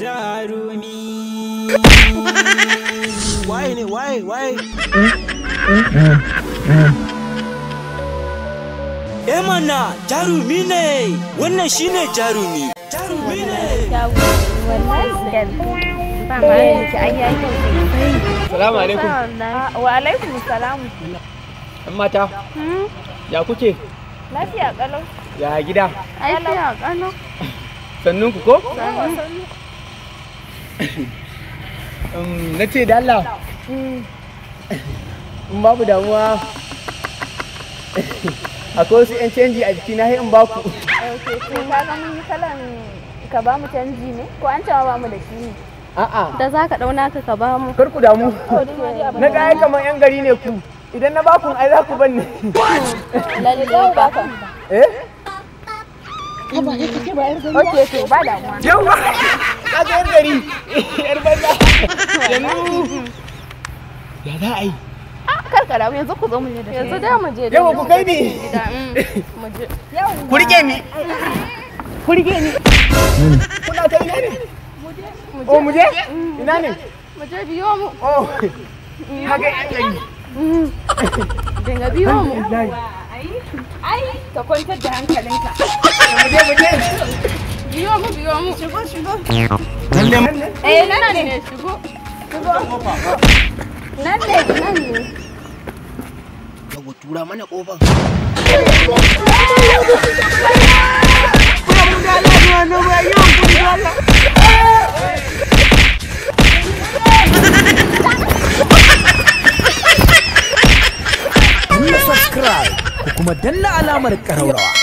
jarumi why, ne Why, why? emana eh, jarumi ne wannan shine jarumi jarumi ne Salamu alaikum. Wa alaikum salamu. Yan hmm? Ya kuke? Lafiya kalau. Ya gida. Lafiya kalau. Sannunku ko? Um, na ce da Allah in babu damuwa akwai wasu 'yan canji a jiki na in ba ka mun yi ka ba mu canji ne ko an cewa ba mu da shi ne a'a da za ka dauna ka ka ba mu kar ku damu na ga kamar 'yan gari ne ku idan na baku ai za ku ban ne ba ka eh Ok, ok, ba damuwa. Yau ba! kaga yar yar banza yanzu ya za a yi ah, yanzu ku zo mu je da yanzu da mu je da yawa ku kai ni mm, ku rike ni ku rike ni kuna ne o oh, mu je ina ne mu je biyo mu o oh, haka yan dinga biyo mu ai ka kwantar da hankalinka mu je mu je shigo mu Nanti nanti. shigo eh nanti. ne shigo Nanti nanti. ne nan ne yawa Subscribe da kuma danna alamar